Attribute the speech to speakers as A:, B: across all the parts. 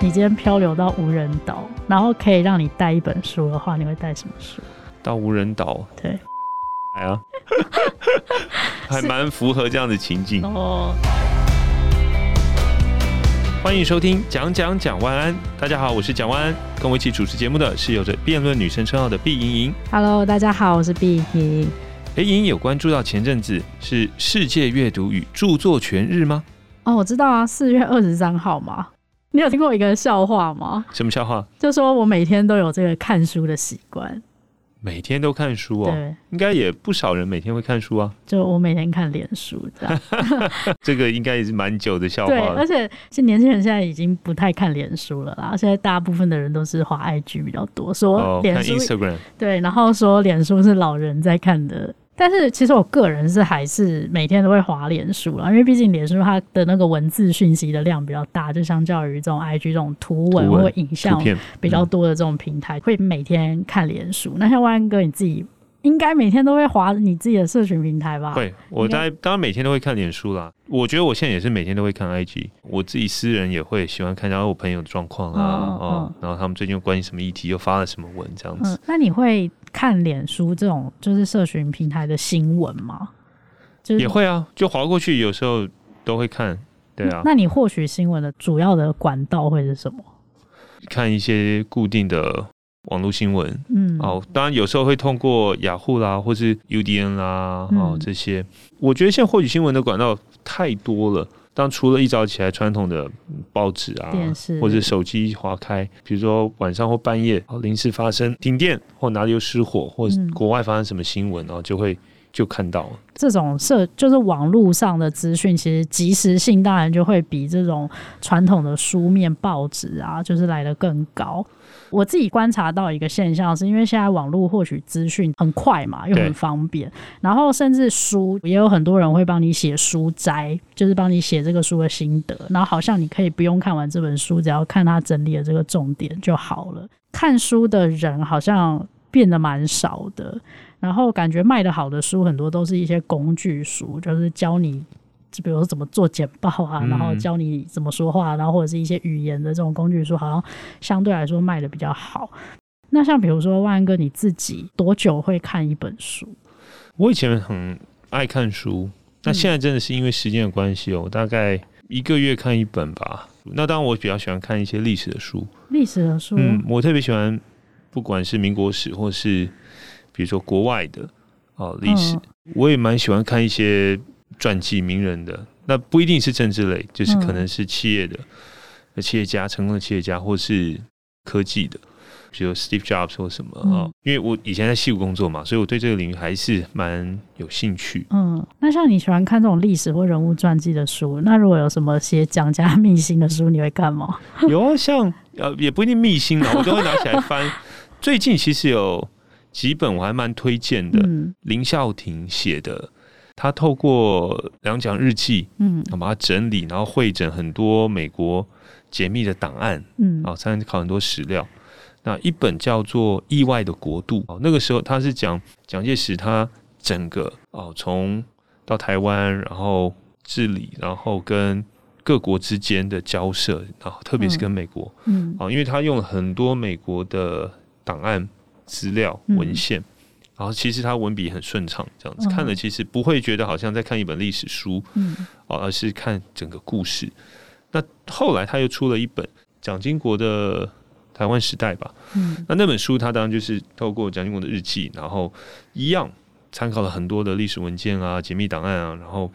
A: 你今天漂流到無人島，然後可以讓你帶一本書的話，你會帶什麼書？
B: 到無人島？對，來啊，還蠻符合這樣的情景哦。歡迎收聽《講講蔣萬安》，大家好，我是蔣萬安，跟我一起主持節目的是有着辯論女神稱號的畢盈盈。
A: Hello，大家好，我是畢盈盈。
B: 哎，盈盈有關注到前陣子是世界閱讀與著作權日
A: 嗎？哦，我知道啊，四月二十三號嘛。你有聽過一個笑話嗎？什麼笑話？就說我每天都有這個看書的習慣，
B: 每天都看書哦、喔，對應該也不少人每天會看書啊。
A: 就我每天看臉書，這
B: 樣， 這個應該也是蠻久的笑話了。對，而且
A: 是年輕人現在已經不太看臉書了啦。現在大部分的人都是滑 IG 比較多，說臉書，哦、看 Instagram。對，然後說臉書是老人在看的。但是其實我個人是還是每天都會滑臉書了，因為畢竟臉書它的那個文字訊息的量比較大，就相較於這種 IG 這種圖文、圖文或影像比較多的這種平台，嗯、會每天看臉書。那像萬安哥你自己，應該每天都會滑你自己的社群平台吧？會，我在該當
B: 然每天都會看臉書啦。我覺得我現在也是每天都會看 IG，我自己私人也會喜歡看一下我朋友的狀況啊嗯嗯、嗯，然後他們最近又關於什麼議題又發了什麼文這樣子。嗯、
A: 那你會看臉書這種就是社群平台的新聞嗎？就是也會啊，
B: 就滑過去，有時候都會看，對啊。那你
A: 獲取新聞的主要的管道會是什麼？
B: 看一些固定的。網絡新聞，嗯，哦，當然有時候會通過雅虎、ah、啦，或是 UDN 啦，嗯、哦這些，我覺得現在獲取新聞的管道太多了。當然除了一早起來傳統的報紙啊，電視或者手機一劃開，比如說晚上或半夜，哦，臨時發生停電，或哪裡又失火，或國外發生什麼新聞，嗯、哦就會。就看到
A: 了這種社，就是網絡上的資訊，其實即時性當然就會比這種傳統的書面報紙啊，就是來得更高。我自己觀察到一個現象是，是因為現在網絡獲取資訊很快嘛，又很方便，對然後甚至書也有很多人會幫你寫書摘，就是幫你寫這個書的心得，然後好像你可以不用看完這本書，只要看它整理的這個重點就好了。看書的人好像變得蠻少的。然後感覺賣的好的書很多都是一些工具書，就是教你，就比如說怎麼做簡報啊，嗯、然後教你怎麼說話，然後或者是一些語言的這種工具書，好像相對來說賣的比較好。那像比如說萬哥你自己多久會看一本書？
B: 我以前很愛看書，那現在真的是因為時間的關係，哦，大概一個月看一本吧。那當然我比較喜歡看一些歷史的書，
A: 歷史的書，嗯，
B: 我特別喜歡，不管是民國史或是。比如說國外的哦歷史，嗯、我也蠻喜歡看一些傳記名人的，那不一定是政治類，就是可能是企業的，嗯、企業家，成功的企業家，或是科技的，比如 Steve Jobs 或什麼啊。嗯、因為我以前在矽谷工作嘛，所以我對這個領域還是蠻有興趣。
A: 嗯，那像你喜歡看這種歷史或人物傳記的書，那如果有什麼寫蔣家秘辛的書，你會看嗎？ 有啊，像
B: 呃、啊、也不一定秘辛嘛，我都會拿起來翻。 最近其實有。幾本我還蠻推薦的，的，林孝庭寫的，他透過兩蔣日記，嗯，他把它整理，然後彙整很多美國解密的檔案，嗯、啊、哦，參考很多史料。那一本叫做《意外的國度》，哦，那個時候他是講蔣介石他整個哦，從到台灣，然後治理，然後跟各國之間的交涉，然、哦、特別是跟美國，嗯、啊、嗯，因為他用了很多美國的檔案。資料文獻，然後、嗯、其實他文筆很順暢，這樣子看了其實不會覺得好像在看一本歷史書，嗯、而是看整個故事。那後來他又出了一本蔣經國的台灣時代吧，那、嗯、那本書他當然就是透過蔣經國的日記，然後一樣參考了很多的歷史文件啊、解密檔案啊，然後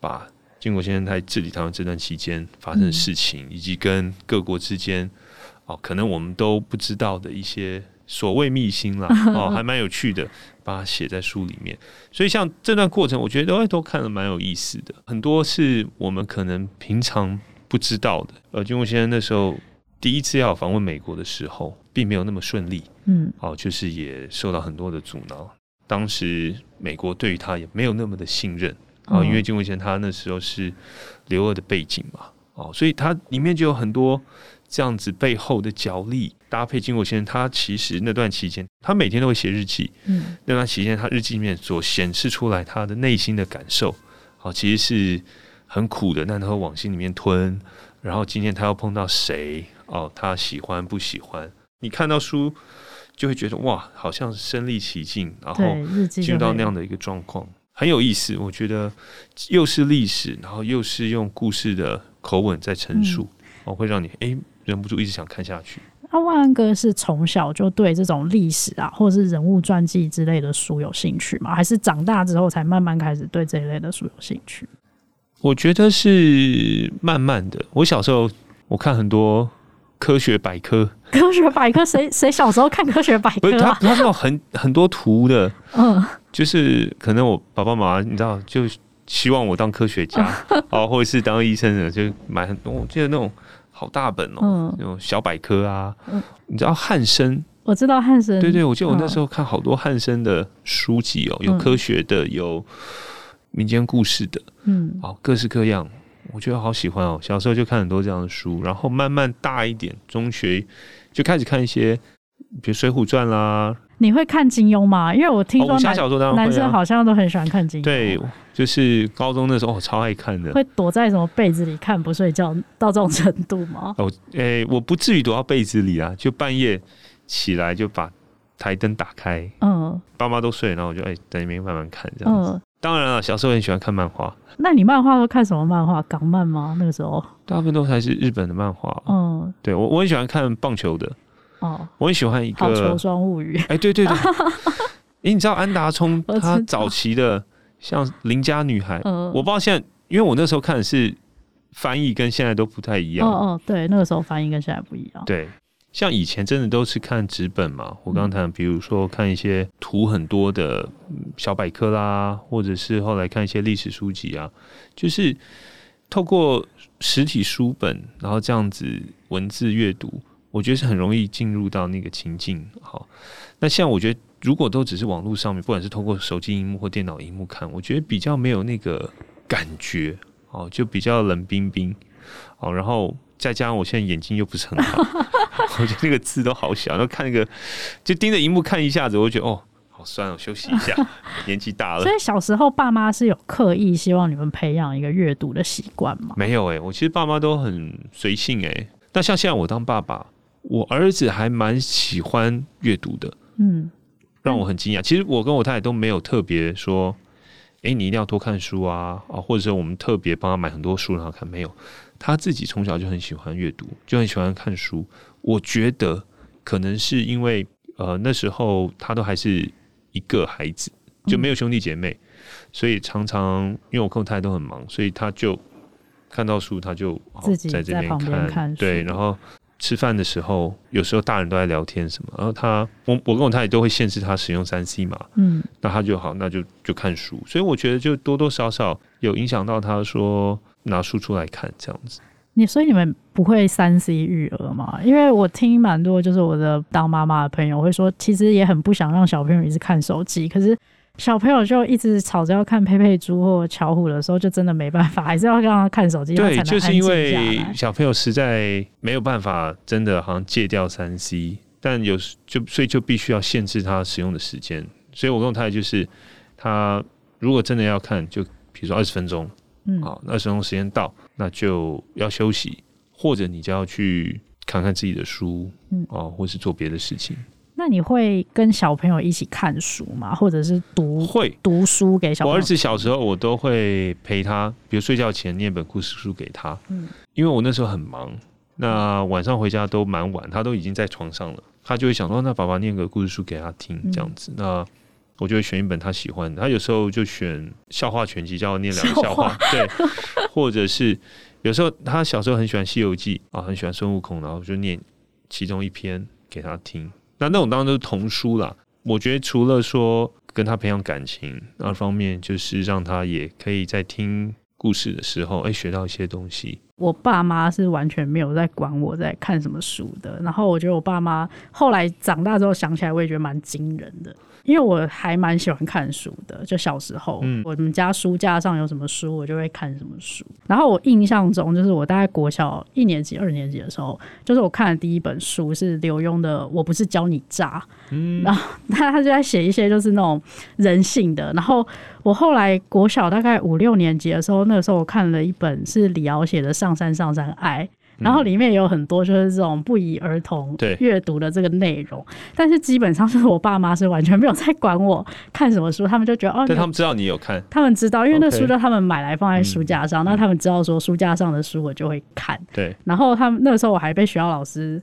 B: 把經國先生在治理台灣這段期間發生的事情，嗯、以及跟各國之間可能我們都不知道的一些。所謂祕辛啦，哦，還蠻有趣的，把它寫在書裡面。所以像這段過程，我覺得都看得蠻有意思的，很多是我們可能平常不知道的。呃，經國先生那時候第一次要訪問美國的時候，並沒有那麼順利，嗯，哦，就是也受到很多的阻撓。當時美國對於他也沒有那麼的信任啊，哦，因為經國先生他那時候是留俄的背景嘛，哦，所以他裡面就有很多。這樣子背後的角力，搭配經國先生，他其實那段期間，他每天都會寫日記。嗯、那段期間，他日記裡面所顯示出來他的內心的感受，好、哦，其實是很苦的，但他會往心裡面吞。然後今天他要碰到誰哦，他喜歡不喜歡？你看到書就會覺得哇，好像身歷其境，然後進入到那樣的一個狀況，很有意思。我覺得又是歷史，然後又是用故事的口吻在陳述，嗯、哦，會讓你誒。欸忍不住一直想看下去。
A: 那、啊、萬安哥是從小就對這種歷史啊，或者是人物傳記之類的書有興趣嗎？還是長大之後才慢慢開始對這一類的書有興趣？
B: 我覺得是慢慢的。我小時候我看很多科學百科，
A: 科學百科誰誰 小時候看科學百科、啊、他他
B: 是那種很很多圖的，
A: 嗯，
B: 就是可能我爸爸媽媽你知道，就希望我當科學家啊， 或者是當醫生的，就買很多。我記得那種。好大本哦、喔，那種、嗯、小百科啊，嗯、你知道漢聲？
A: 我知道漢聲。對，對對，我記得我那時候
B: 看好多漢聲的書籍哦、喔，嗯、有科學的，有民間故事的，
A: 嗯，哦，
B: 各式各樣。我覺得好喜歡哦、喔，小時候就看很多這樣的書，然後慢慢大一點，中學就開始看一些，比如《水滸傳》啦。
A: 你會看金庸嗎？因為我聽說男、哦，小時候當然會啊、男生好像都很喜歡看金
B: 庸啊，對，就是高中的時候，我超愛看的。會
A: 躲在什麼被子裡看不睡覺到這種程度嗎？
B: 哦，誒、欸，我不至於躲到被子裡啊，就半夜起來就把檯燈打開，
A: 嗯，
B: 爸媽都睡，然後我就誒在那邊慢慢看，這樣子。嗯、當然了，小時候很喜歡看漫畫。
A: 那你漫畫都看什麼漫畫？港漫嗎？那個時候大部分都
B: 還是日本的漫畫。嗯，對，我我很喜歡看棒球的。哦，oh, 我很喜歡一個《好逑
A: 雙物語。》 哎、欸，對對對，哎、欸，因
B: 為你知道安達充他早期的像鄰家女孩，我，我不知道現在，因為我那時候看的是翻譯，跟現在都不太一樣。哦
A: 哦，對，那個時候翻譯跟現在不一樣。
B: 對，像以前真的都是看紙本嘛。我剛剛談，比如說看一些圖很多的小百科啦，或者是後來看一些歷史書籍啊，就是透過實體書本，然後這樣子文字閱讀。我覺得是很容易進入到那個情境，好。那現在我覺得，如果都只是網絡上面，不管是通過手機熒幕或電腦熒幕看，我覺得比較沒有那個感覺，哦，就比較冷冰冰，哦。然後再加上我現在眼睛又不是很好， 我覺得那個字都好小，然後看一、那個就盯着熒幕看一下子，我就覺得哦，好酸、喔，我休息一下。 年紀大了，所以
A: 小時候爸媽是有刻意希望你們培養一個閱讀的習慣嗎？
B: 沒有哎、欸，我其實爸媽都很隨性哎。那像現在我當爸爸。我兒子還蠻喜歡閱讀的，嗯，讓我很驚訝。其實我跟我太太都沒有特別說，哎、欸，你一定要多看書啊，啊，或者是我們特別幫他買很多書然後看，沒有。他自己從小就很喜歡閱讀，就很喜歡看書。我覺得可能是因為，呃，那時候他都還是一個孩子，就沒有兄弟姐妹，嗯、所以常常因為我跟我太太都很忙，所以他就看到書他就自己在這邊看，看對，然後。吃飯的時候，有時候大人都在聊天什麼，然後他，我我跟我太太都會限制他使用三 C 嘛，嗯，那他就好，那就就看書，所以我覺得就多多少少有影響到他說拿書出來看這樣子，
A: 你所以你們不會三 C 育兒嗎？因為我聽蠻多，就是我的當媽媽的朋友會說，其實也很不想讓小朋友一直看手機，可是，小朋友就一直吵着要看佩佩豬或巧虎的時候，就真的沒辦法，還是要讓他看手機。對，就是因為
B: 小朋友實在沒有辦法，真的好像戒掉三 C，但有時，就所以就必須要限制他使用的時間。所以我跟他就是，他如果真的要看，就比如說二十分鐘，嗯，好，二十分鐘時間到，那就要休息，或者你就要去看看自己的書，嗯，哦，或是做別的事情。
A: 那你會跟小朋友一起看書嗎？或者是讀，會讀書給小朋友？我兒子
B: 小時候，我都會陪他，比如睡覺前念本故事書給他。嗯，因為我那時候很忙，那晚上回家都蠻晚，他都已經在床上了，他就會想說：“那爸爸念個故事書給他聽。”這樣子，嗯、那我就會選一本他喜歡的。他有時候就選《笑話全集》，叫我念兩個笑話。笑話對， 或者是有時候他小時候很喜歡《西遊記》，啊，很喜歡孫悟空，然後就念其中一篇給他聽。那那種當然都是童書啦。我覺得除了說跟他培養感情，那方面就是讓他也可以在聽故事的時候，哎、欸，學到一些東西。
A: 我爸媽是完全沒有在管我在看什麼書的。然後我覺得我爸媽後來長大之後想起來，我也覺得蠻驚人的。因為我還蠻喜歡看書的，就小時候，嗯，我們家書架上有什麼書，我就會看什麼書。然後我印象中，就是我大概國小一年級、二年級的時候，就是我看的第一本書是劉墉的《我不是教你詐》，嗯，然後他他就在寫一些就是那種人性的。然後我後來國小大概五六年級的時候，那個時候我看了一本是李敖寫的《上山上山愛》。嗯、然後裡面有很多就是這種不宜兒童閱讀的這個內容，對但是基本上是我爸媽是完全沒有在管我看什麼書，他們就覺得哦，但他們知
B: 道你有看，
A: 他們知道，因為那書叫他們買來放在書架上，okay, 嗯、那他們知道說書架上的書我就會看，對、嗯。然後他們那個時候我還被學校老師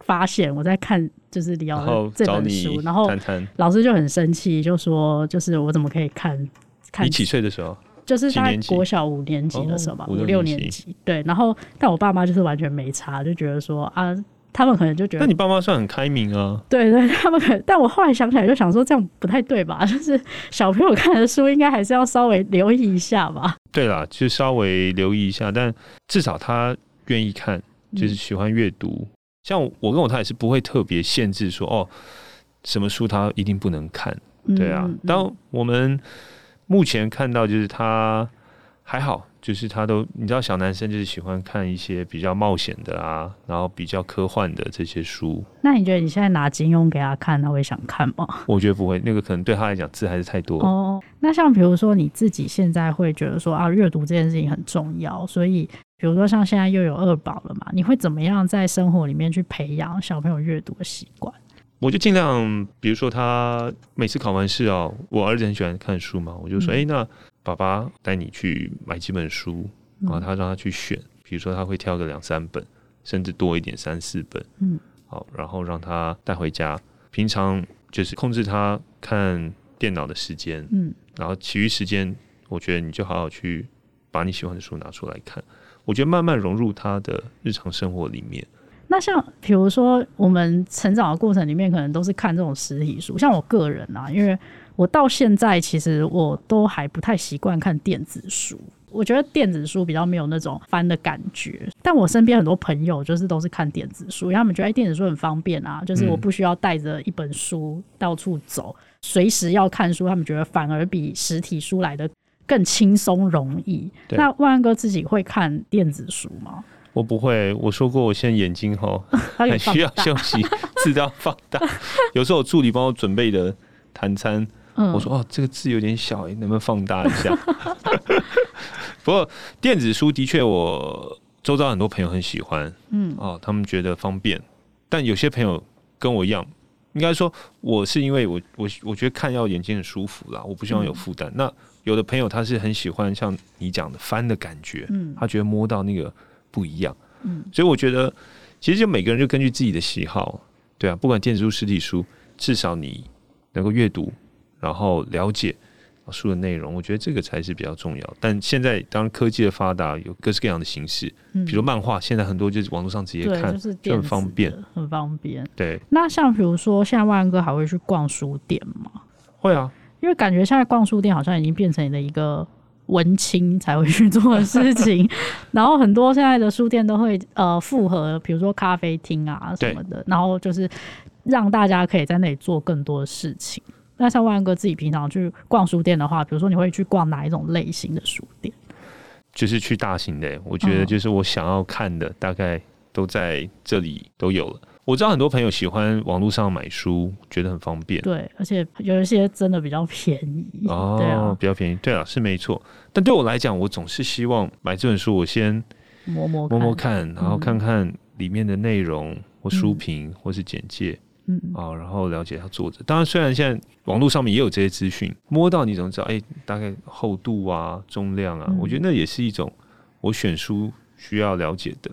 A: 發現我在看，就是李敖這本書，然後，談談然後老師就很生氣，就說就是我怎麼可以看看？你幾
B: 歲的時候？就是在國小
A: 五年級的時候吧，哦、五六年級對，然後但我爸媽就是完全沒差，就覺得說啊，他們可能就覺得，那你爸媽算
B: 很開明啊？
A: 對，對對，他們可能，但我後來想起來就想說，這樣不太對吧？就是小朋友看的書，應該還是要稍微留意一下吧？
B: 對啦，就稍微留意一下，但至少他願意看，就是喜歡閱讀。嗯、像我跟我他也是不會特別限制說哦，什麼書他一定不能看，對啊。當、嗯嗯、我們。目前看到就是他還好，就是他都你知道，小男生就是喜歡看一些比較冒險的啊，然後比較科幻的這些書。
A: 那你覺得你現在拿金庸給他看，他會想看嗎？
B: 我覺得不會，那個可能對他來講字還是太多。哦，oh,
A: 那像比如說你自己現在會覺得說啊，閱讀這件事情很重要，所以比如說像現在又有二寶了嘛，你會怎麼樣在生活裡面去培養小朋友閱讀的習慣？
B: 我就儘量，比如說他每次考完試啊、哦，我兒子很喜歡看書嘛，我就說，哎、嗯欸，那爸爸帶你去買幾本書、嗯、然後他讓他去選，比如說他會挑個兩三本，甚至多一點三四本，嗯，好，然後讓他帶回家。平常就是控制他看電腦的時間，嗯，然後其餘時間，我覺得你就好好去把你喜歡的書拿出來看，我覺得慢慢融入他的日常生活裡面。
A: 那像比如說我們成長的過程裡面，可能都是看這種實體書。像我個人啊，因為我到現在其實我都還不太習慣看電子書。我覺得電子書比較沒有那種翻的感覺。但我身邊很多朋友就是都是看電子書，因為他們覺得電子書很方便啊，就是我不需要帶着一本書到處走，嗯、隨時要看書，他們覺得反而比實體書來的更輕鬆容易。對。那萬安哥自己會看電子書嗎？
B: 我不會，我說過，我現在眼睛吼很需要休息，字要放， 放大。有時候我助理幫我準備的談餐，嗯、我說哦，這個字有點小，哎，能不能放大一下？ 不過電子書的確，我周遭很多朋友很喜歡，嗯，哦，他們覺得方便。但有些朋友跟我一樣，應該說我是因為我我我覺得看要眼睛很舒服啦，我不希望有負擔。嗯、那有的朋友他是很喜歡像你講的翻的感覺，嗯，他覺得摸到那個。不一樣，嗯，所以我覺得其實就每個人就根據自己的喜好，對啊，不管電子書、實體書，至少你能夠閱讀，然後了解書的內容，我覺得這個才是比較重要。但現在當然科技的發達，有各式各樣的形式，嗯、比如漫畫，現在很多就是網絡上直接看，就很方便，
A: 很方便。很方便對，那像比如說現在萬安哥還會去逛書店嗎？會啊，因為感覺現在逛書店好像已經變成了一個。文青才會去做的事情， 然後很多現在的書店都會呃複合，比如說咖啡廳啊什麼的，對然後就是讓大家可以在那裡做更多的事情。那像萬哥自己平常去逛書店的話，比如說你會去逛哪一種類型的書店？
B: 就是去大型的，我覺得就是我想要看的、嗯、大概都在這裡都有了。我知道很多朋友喜歡網絡上買書，覺得很方便。對，
A: 而且有一些真的比較便宜。哦，對啊，比
B: 較便宜。對啊，是沒錯。但對我來講，我總是希望買這本書，我先
A: 摸摸摸摸看，然後看
B: 看裡面的內容、嗯、或書評或是簡介。嗯，啊，然後了解一下作者。當然，雖然現在網絡上面也有這些資訊，摸到你怎麼知道？哎，欸，大概厚度啊、重量啊，嗯、我覺得那也是一種我選書需要了解的。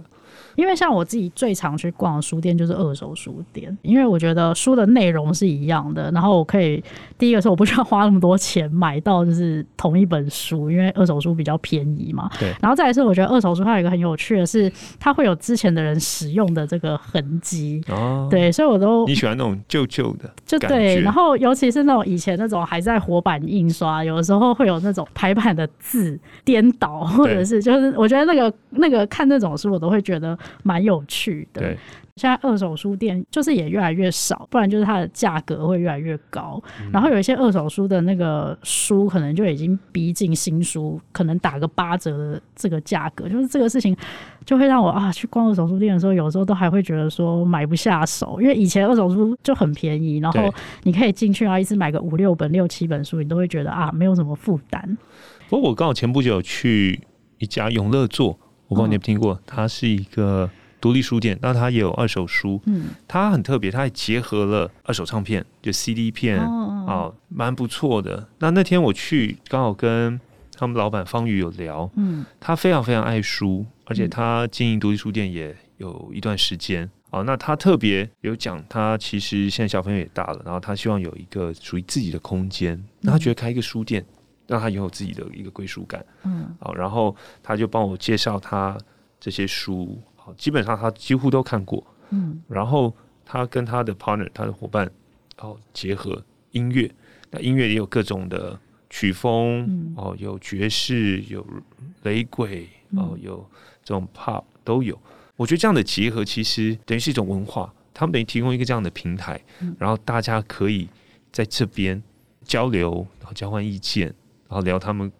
A: 因為像我自己最常去逛的書店就是二手書店，因為我覺得書的內容是一樣的，然後我可以第一個是我不需要花那麼多錢買到就是同一本書，因為二手書比較便宜嘛。對。然後再來是我覺得二手書它有一個很有趣的是它會有之前的人使用的這個痕跡。哦。對，所以我都，你
B: 喜歡那種舊舊的。
A: 就對。然後尤其是那種以前那種還在活版印刷，有的時候會有那種排版的字顛倒，或者是就是我覺得那個那個看那種書我都會覺得。蠻有趣的，現在二手書店就是也越來越少，不然就是它的價格會越來越高。然後有一些二手書的那個書，可能就已經逼近新書，可能打個八折的這個價格，就是這個事情就會讓我啊去逛二手書店的時候，有時候都還會覺得說買不下手，因為以前二手書就很便宜，然後你可以進去啊，一次買個五六本、六七本書，你都會覺得啊沒有什麼負擔。
B: 不過我剛好前不久去一家永樂座，我不知道你有沒有聽過，哦、它是一個獨立書店，那它也有二手書，嗯、它很特別，它還結合了二手唱片，就 CD 片，哦蠻、哦哦哦、不錯的。那那天我去，剛好跟他們老板方宇有聊，嗯，他非常非常愛書，而且他經營獨立書店也有一段時間，嗯、哦，那他特別有講，他其實現在小朋友也大了，然後他希望有一個屬於自己的空間，那他、嗯、覺得開一個書店。讓他擁有自己的一個歸屬感，嗯，好，然後他就幫我介紹他這些書，好，基本上他幾乎都看過，嗯，然後他跟他的 partner，他的夥伴，哦，結合音樂，那音樂也有各種的曲風，嗯、哦，有爵士，有雷鬼，哦，有這種 pop 都有，嗯、我覺得這樣的結合其實等於是一種文化，他們等於提供一個這樣的平台，嗯、然後大家可以在這邊交流，然後交換意見。然後聊他們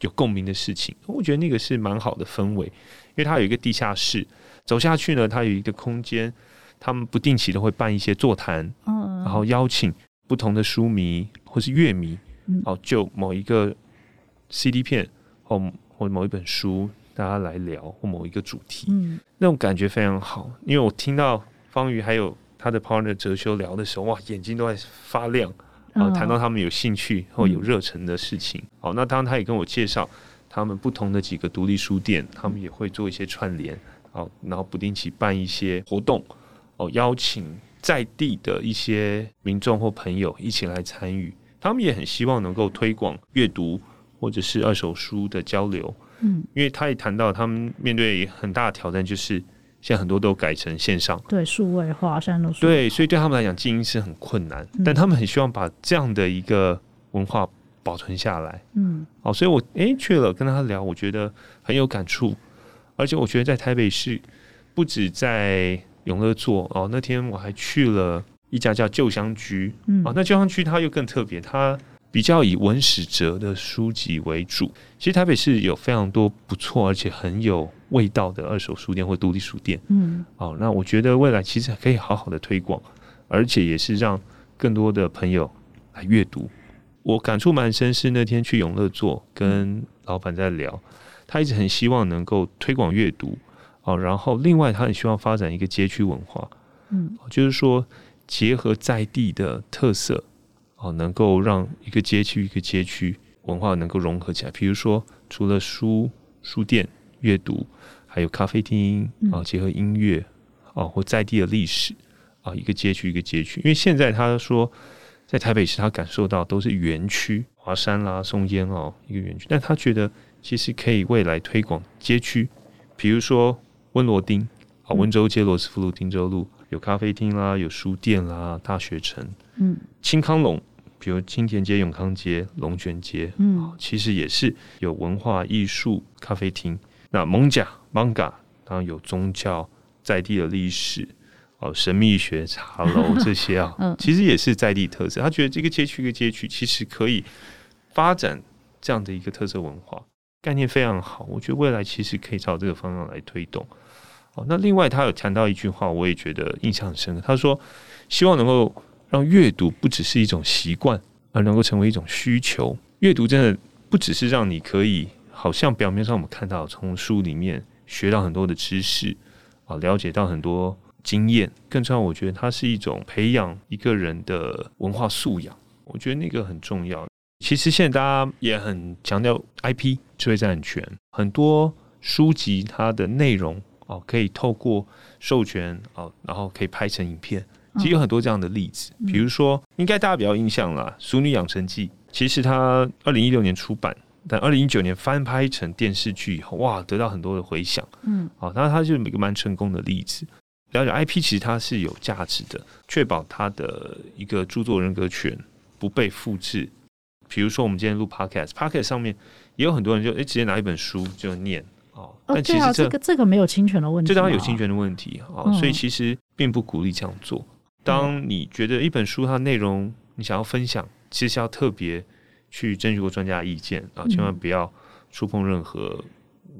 B: 有共鳴的事情，我覺得那個是蠻好的氛圍，因為它有一個地下室，走下去呢，它有一個空間，他們不定期的會辦一些座談，嗯，然後邀請不同的書迷或是樂迷，後、啊、就某一個 CD 片或某或某一本書，大家來聊或某一個主題，嗯，那種感覺非常好，因為我聽到方瑜還有他的 partner 哲修聊的時候，哇，眼睛都在發亮。哦，啊，談到他們有興趣或有熱忱的事情，嗯、好，那當然他也跟我介紹他們不同的幾個獨立書店，他們也會做一些串聯，然後不定期辦一些活動，哦，邀請在地的一些民眾或朋友一起來參與，他們也很希望能夠推廣閱讀或者是二手書的交流，嗯，因為他也談到他們面對很大的挑戰就是。現在很多都改成線上，
A: 對，數位化，的數位，對，
B: 所以對他們來講經營是很困難，嗯、但他們很希望把這樣的一個文化保存下來，嗯，好、哦，所以我哎、欸、去了跟他聊，我覺得很有感觸，而且我覺得在台北市不止在永樂座，哦，那天我還去了一家叫舊香居，嗯、哦，那舊香居它又更特別，它，比較以文史哲的書籍為主，其實台北市有非常多不錯而且很有味道的二手書店或獨立書店。嗯，哦，那我覺得未來其實可以好好的推廣，而且也是讓更多的朋友來閱讀。我感觸蠻深，是那天去永樂座跟老闆在聊，嗯，他一直很希望能夠推廣閱讀，哦，然後另外他很希望發展一個街區文化，嗯，就是說結合在地的特色。哦，能夠讓一個街區一個街區文化能夠融合起來，比如說除了書書店閱讀，還有咖啡廳啊，嗯、結合音樂啊，或在地的歷史啊，一個街區一個街區。因為現在他說在台北市，他感受到都是園區華山啦、松菸哦、喔、一個園區，但他覺得其實可以未來推廣街區，比如說溫羅丁啊，溫、嗯、州街、羅斯福路、汀州路有咖啡廳啦、有書店啦、大學城，嗯，青康龍。比如青田街、永康街、龍泉街，嗯，其實也是有文化藝術咖啡廳。那蒙甲、芒嘎，然後有宗教在地的歷史，哦，神秘學茶樓這些啊， 嗯，其實也是在地特色。他覺得這個街區一個街區，其實可以發展這樣的一個特色文化概念，非常好。我覺得未來其實可以朝這個方向來推動。哦，那另外他有談到一句話，我也覺得印象很深，他說希望能夠。讓閱讀不只是一種習慣，而能夠成為一種需求。閱讀真的不只是讓你可以，好像表面上我們看到從書裡面學到很多的知識啊，了解到很多經驗。更重要，我覺得它是一種培養一個人的文化素養。我覺得那個很重要。其實現在大家也很強調 IP 知識產權，很多書籍它的內容哦，可以透過授權哦，然後可以拍成影片。其實有很多這樣的例子，哦嗯、比如說，應該大家比較印象啦，嗯，《熟女養成記》其實它二零一六年出版，但二零一九年翻拍成電視劇以後，哇，得到很多的回響。嗯，啊、哦，那它就是一個蠻成功的例子。了解 IP 其實它是有價值的，確保它的一個著作人格權不被複製。比如說，我們今天錄 Pod、嗯、Podcast，Podcast 上面也有很多人就哎、欸、直接拿一本書就念哦，哦但其實這、哦
A: 啊這個這個沒有侵權的問題、啊，就這樣有侵
B: 權的問題哦，嗯、所以其實並不鼓勵這樣做。當你覺得一本書它內容你想要分享，嗯，其實是要特別去徵求過專家意見啊，然後千萬不要觸碰任何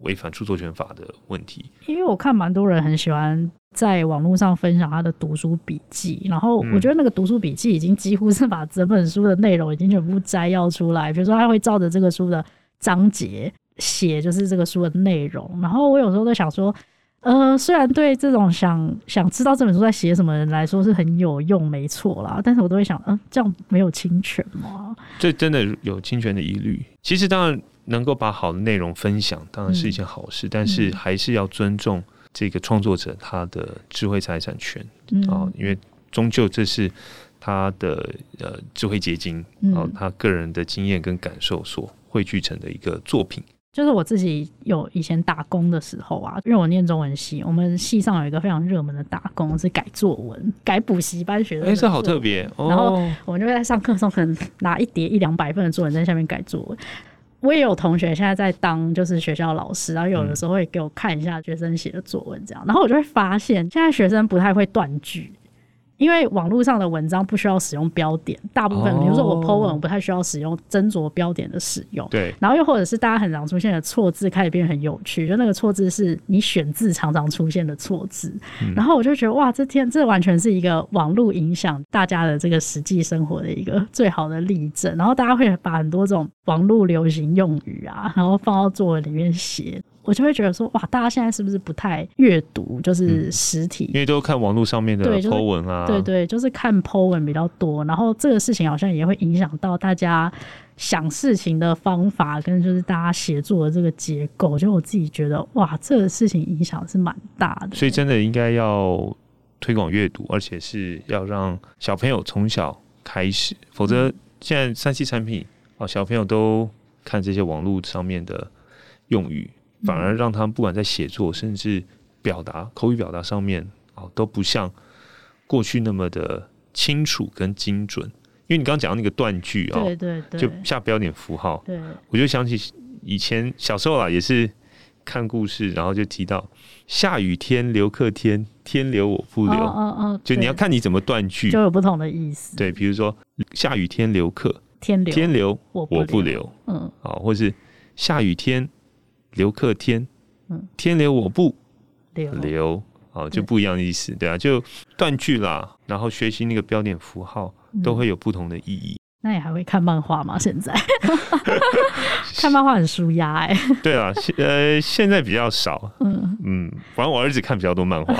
B: 違反著作權法的問題。
A: 因為我看蠻多人很喜歡在網絡上分享他的讀書筆記，然後我覺得那個讀書筆記已經幾乎是把整本書的內容已經全部摘要出來，比如說他會照着這個書的章節寫，就是這個書的內容。然後我有時候在想說，呃，雖然對這種想想知道這本書在寫什麼人來說是很有用，沒錯啦。但是我都會想，嗯、呃，這樣沒有侵權嗎？
B: 這真的有侵權的疑慮。其實當然能夠把好的內容分享，當然是一件好事，嗯、但是還是要尊重這個創作者他的智慧財產權啊、嗯哦，因為終究這是他的呃智慧結晶，然、哦、後、嗯、他個人的經驗跟感受所匯聚成的一個作品。
A: 就是我自己有以前打工的時候啊，因為我念中文系，我們系上有一個非常熱門的打工是改作文、改補習班學生的作文。欸，這好特別哦。然後我們就會在上課的時候，可能拿一疊一兩百份的作文在下面改作文。我也有同學現在在當就是學校老師，然後有的時候會給我看一下學生寫的作文，這樣，然後我就會發現現在學生不太會斷句。因為網絡上的文章不需要使用標點，大部分、哦、比如說我 po 文，我不太需要使用斟酌標點的使用。對。然後又或者是大家很常出現的錯字開始變很有趣，就那個錯字是你選字常常出現的錯字，嗯、然後我就覺得哇，這天這完全是一個網絡影響大家的這個實際生活的一個最好的例證。然後大家會把很多這種網絡流行用語啊，然後放到作文裡面寫。我就會覺得說，哇，大家現在是不是不太閱讀，就是實
B: 體？嗯、因為都看網絡上面的 po 文啊，對，就是、對，
A: 對對，就是看 po 文比較多。然後這個事情好像也會影響到大家想事情的方法，跟就是大家寫作的這個結構。就我自己覺得，哇，這個事情影響是蠻大的。所
B: 以真的應該要推廣閱讀，而且是要讓小朋友從小開始，否則現在 3C 產品哦，小朋友都看這些網絡上面的用語。反而讓他們不管在寫作，甚至表達口語表達上面都不像過去那麼的清楚跟精準。因為你剛剛講到那個斷句啊，對對對，就下標點符號。對，我就想起以前小時候啦，也是看故事，然後就提到下雨天留客，天天留我不留，
A: 就你要看
B: 你怎麼斷句，就有
A: 不同的意思。
B: 對，比如說下雨天留客，
A: 天留天留我不留，
B: 嗯，好，或是下雨天。留客天，嗯，天留我不留，留哦劉就不一樣的意思，對，對啊，就斷句啦，然後學習那個標點符號，嗯，都會有不同的意義。
A: 那也還會看漫畫嗎？現在 看漫畫很舒壓哎。
B: 對啊，呃，現在比較少。嗯嗯，反正我兒子看比較多漫畫。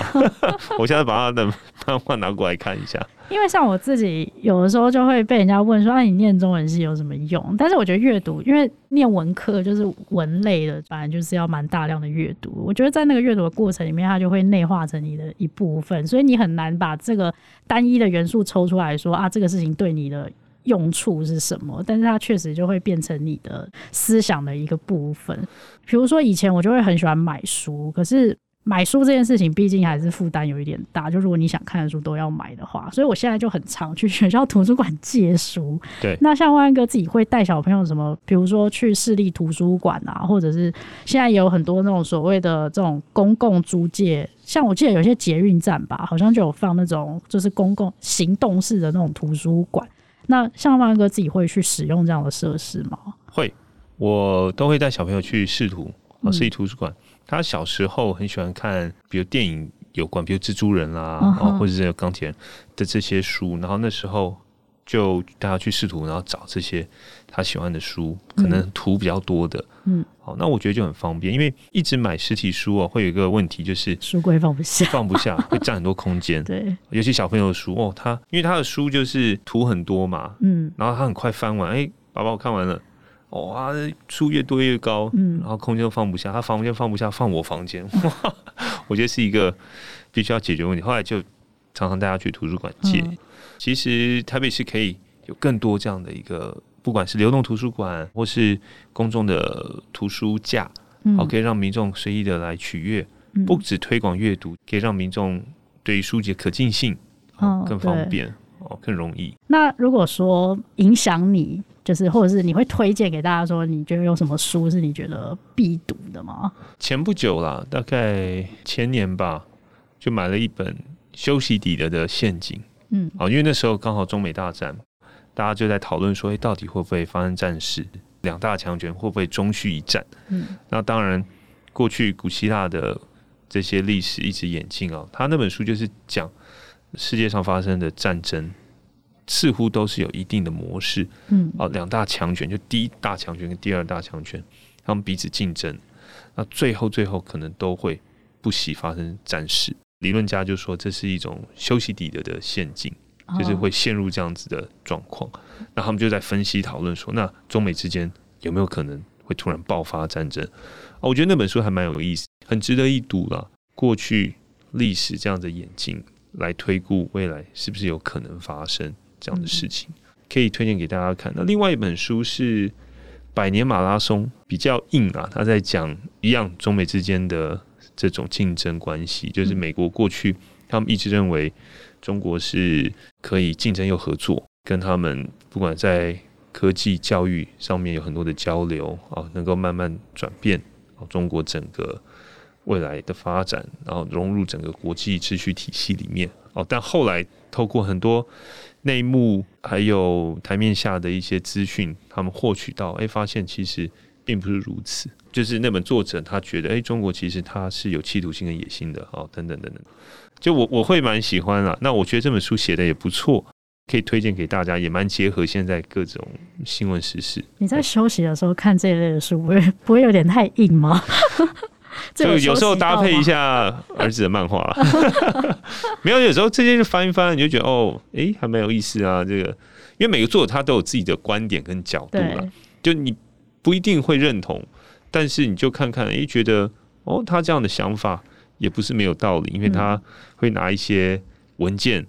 B: 我現在把他的漫畫拿過來看一下。
A: 因為像我自己有的時候就會被人家問說：“那你念中文系有什麼用？”但是我覺得閱讀，因為念文科就是文類的，反正就是要蠻大量的閱讀。我覺得在那個閱讀的過程裡面，它就會內化成你的一部分，所以你很難把這個單一的元素抽出來說，啊，這個事情，對你的用處是什麼？但是它確實就會變成你的思想的一個部分。比如說，以前我就會很喜歡買書，可是買書這件事情畢竟還是負擔有一點大，就如果你想看的書都要買的話，所以我現在就很常去學校圖書館借書。對，那像萬哥自己會帶小朋友什麼，比如說去市立圖書館啊，或者是現在也有很多那種所謂的這種公共租借。像我記得有一些捷運站吧，好像就有放那種就是公共行動式的那種圖書館。那像萬哥自己會去使用這樣的設施嗎？
B: 會，我都會帶小朋友去市圖啊，市立圖書館。嗯、他小時候很喜歡看，比如電影有關，比如蜘蛛人啦，嗯、哼或者是鋼鐵人的這些書。然後那時候就帶他去市圖，然後找這些。他喜歡的書可能圖比較多的，嗯，好、嗯哦，那我覺得就很方便，因為一直買實體書啊、哦，會有一個問題，就是書
A: 櫃放不下，
B: 放不下， 會佔很多空間，對，尤其小朋友的書哦，他因為他的書就是圖很多嘛，嗯，然後他很快翻完，哎、欸，爸爸我看完了，哇、哦啊，書越多越高，嗯，然後空間都放不下，他房間放不下，放我房間，哇，我覺得是一個必須要解決問題。後來就常常帶他去圖書館借，嗯、其實台北是可以有更多這樣的一個。不管是流動圖書館，或是公眾的圖書架，嗯、好，可以讓民眾隨意的來取閱，嗯、不止推廣閱讀，可以讓民眾對於書籍可近性、
A: 哦、更方便，
B: 對哦更容易。
A: 那如果說影響你，就是或者是你會推薦給大家說，你覺得有什麼書是你覺得必讀的嗎？
B: 前不久啦，大概前年吧，就買了一本《修昔底德的陷阱》。嗯，啊，因為那時候剛好中美大戰。大家就在討論說，誒、欸、到底會不會發生戰事？兩大強權會不會終須一戰？嗯，那當然，過去古希臘的這些歷史一直演進啊。他那本書就是講世界上發生的戰爭，似乎都是有一定的模式。嗯，哦、啊，兩大強權就第一大強權跟第二大強權，他們彼此競爭，那最後最後可能都會不惜發生戰事。理論家就說這是一種修昔底德的陷阱。就是會陷入這樣子的狀況，oh. 那他們就在分析討論說，那中美之間有沒有可能會突然爆發戰爭？啊，我覺得那本書還蠻有意思，很值得一讀了、啊。過去歷史這樣子演進，來推估未來是不是有可能發生這樣的事情，mm hmm. 可以推薦給大家看。那另外一本書是《百年馬拉松》，比較硬啊，他在講一樣中美之間的這種競爭關係，就是美國過去。他們一直認為中國是可以競爭又合作，跟他們不管在科技教育上面有很多的交流啊，能夠慢慢轉變中國整個未來的發展，然後融入整個國際秩序體系裡面哦。但後來透過很多內幕還有台面下的一些資訊，他們獲取到，誒，發現其實並不是如此。就是那本作者他覺得，誒，中國其實他是有企圖心跟野心的哦，等等等等。就我我會蠻喜歡啦，那我覺得這本書寫得也不錯，可以推薦給大家，也蠻結合現在各種新聞時事。
A: 你在休息的時候看這類的書，不會不會有點太硬嗎？ 就有時候搭配一
B: 下兒子的漫畫啦，沒有，有時候這些就翻一翻，你就覺得哦，哎、欸，還蠻有意思啊。這個因為每個作者他都有自己的觀點跟角度了，對就你不一定會認同，但是你就看看，哎、欸，覺得哦，他這樣的想法。也不是沒有道理，因為他會拿一些文件、嗯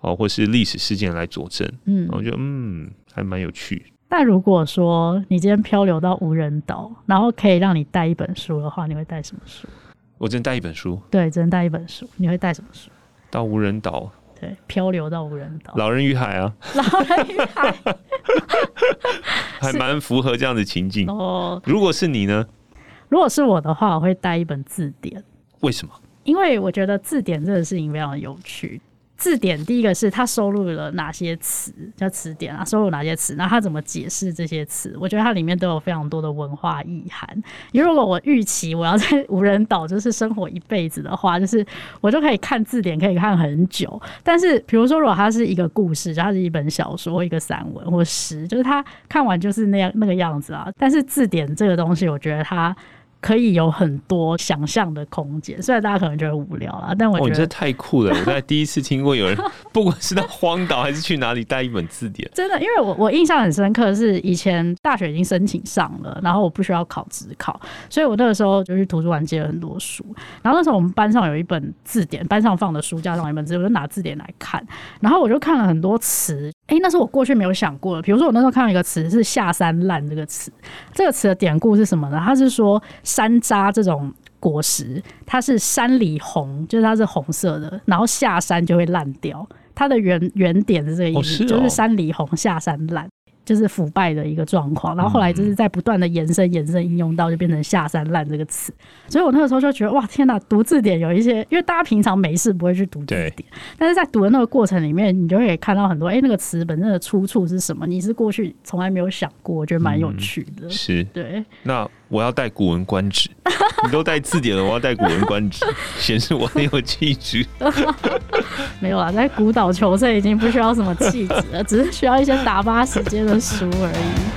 B: 哦、或是歷史事件來佐證。嗯，我覺得嗯還蠻有趣
A: 的。那如果說你今天漂流到無人島，然後可以讓你帶一本書的話，你會帶什麼書？
B: 我只能帶一本書。
A: 對，只能帶一本書。你會帶什麼書？
B: 到無人島。
A: 對，漂流到無人島。
B: 老人與海啊，老人與海， 還蠻符合這樣的情境哦。是如果是你呢？
A: 如果是我的話，我會帶一本字典。為什麼？因為我覺得字典這個事情非常有趣。字典第一個是它收錄了哪些詞，叫詞典啊，收錄哪些詞，那它怎麼解釋這些詞。我覺得它裡面都有非常多的文化意涵。因為如果我預期我要在無人島就是生活一輩子的話，就是我就可以看字典，可以看很久。但是，比如說，如果它是一個故事，它是一本小說、一個散文或詩，就是它看完就是那樣那個樣子啊。但是字典這個東西，我覺得它。可以有很多想象的空間，雖然大家可能覺得無聊啊，但我覺得、哦、
B: 太酷了。 我大概第一次聽過有人不管是在荒島還是去哪裡帶一本字典，
A: 真的。因為我我印象很深刻，是以前大學已經申請上了，然後我不需要考指考，所以我那個時候就去圖書館借了很多書。然後那時候我們班上有一本字典，班上放的書架上有一本字典，我就拿字典來看，然後我就看了很多詞。哎、欸，那是我過去沒有想過的。比如說，我那時候看到一個詞是“下山爛”這個詞，這個詞的典故是什麼呢？它是說山楂這種果實，它是山裡紅，就是它是紅色的，然後下山就會爛掉。它的原原點是這個意思，哦，是哦、就是山裡紅下山爛。就是腐敗的一個狀況，然後後來就是在不斷的延伸、延伸應用到，就變成“下三濫”這個詞。所以我那個時候就覺得，哇，天哪、啊！讀字典有一些，因為大家平常沒事不會去讀字典，對但是在讀的那個過程裡面，你就會看到很多，哎、欸，那個詞本身的出處是什麼？你是過去從來沒有想過，我覺得蠻有趣的。嗯、是，對。
B: 那。我要帶《古文觀止》， 你都帶字典了，我要帶《古文觀止》，顯 示我很有氣質。
A: 沒有啊，在孤島求生已經不需要什麼氣質了， 只是需要一些打發時間的書而已。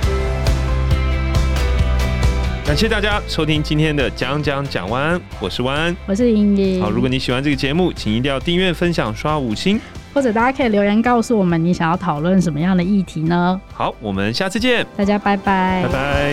B: 感謝大家收聽今天的講講講萬安，我是萬
A: 安，我是英英。好，如果
B: 你喜歡這個節目，請一定要訂閱、分享、刷五星，
A: 或者大家可以留言告訴我們你想要討論什麼樣的議題呢？
B: 好，我們下次見，
A: 大家拜拜，拜
B: 拜。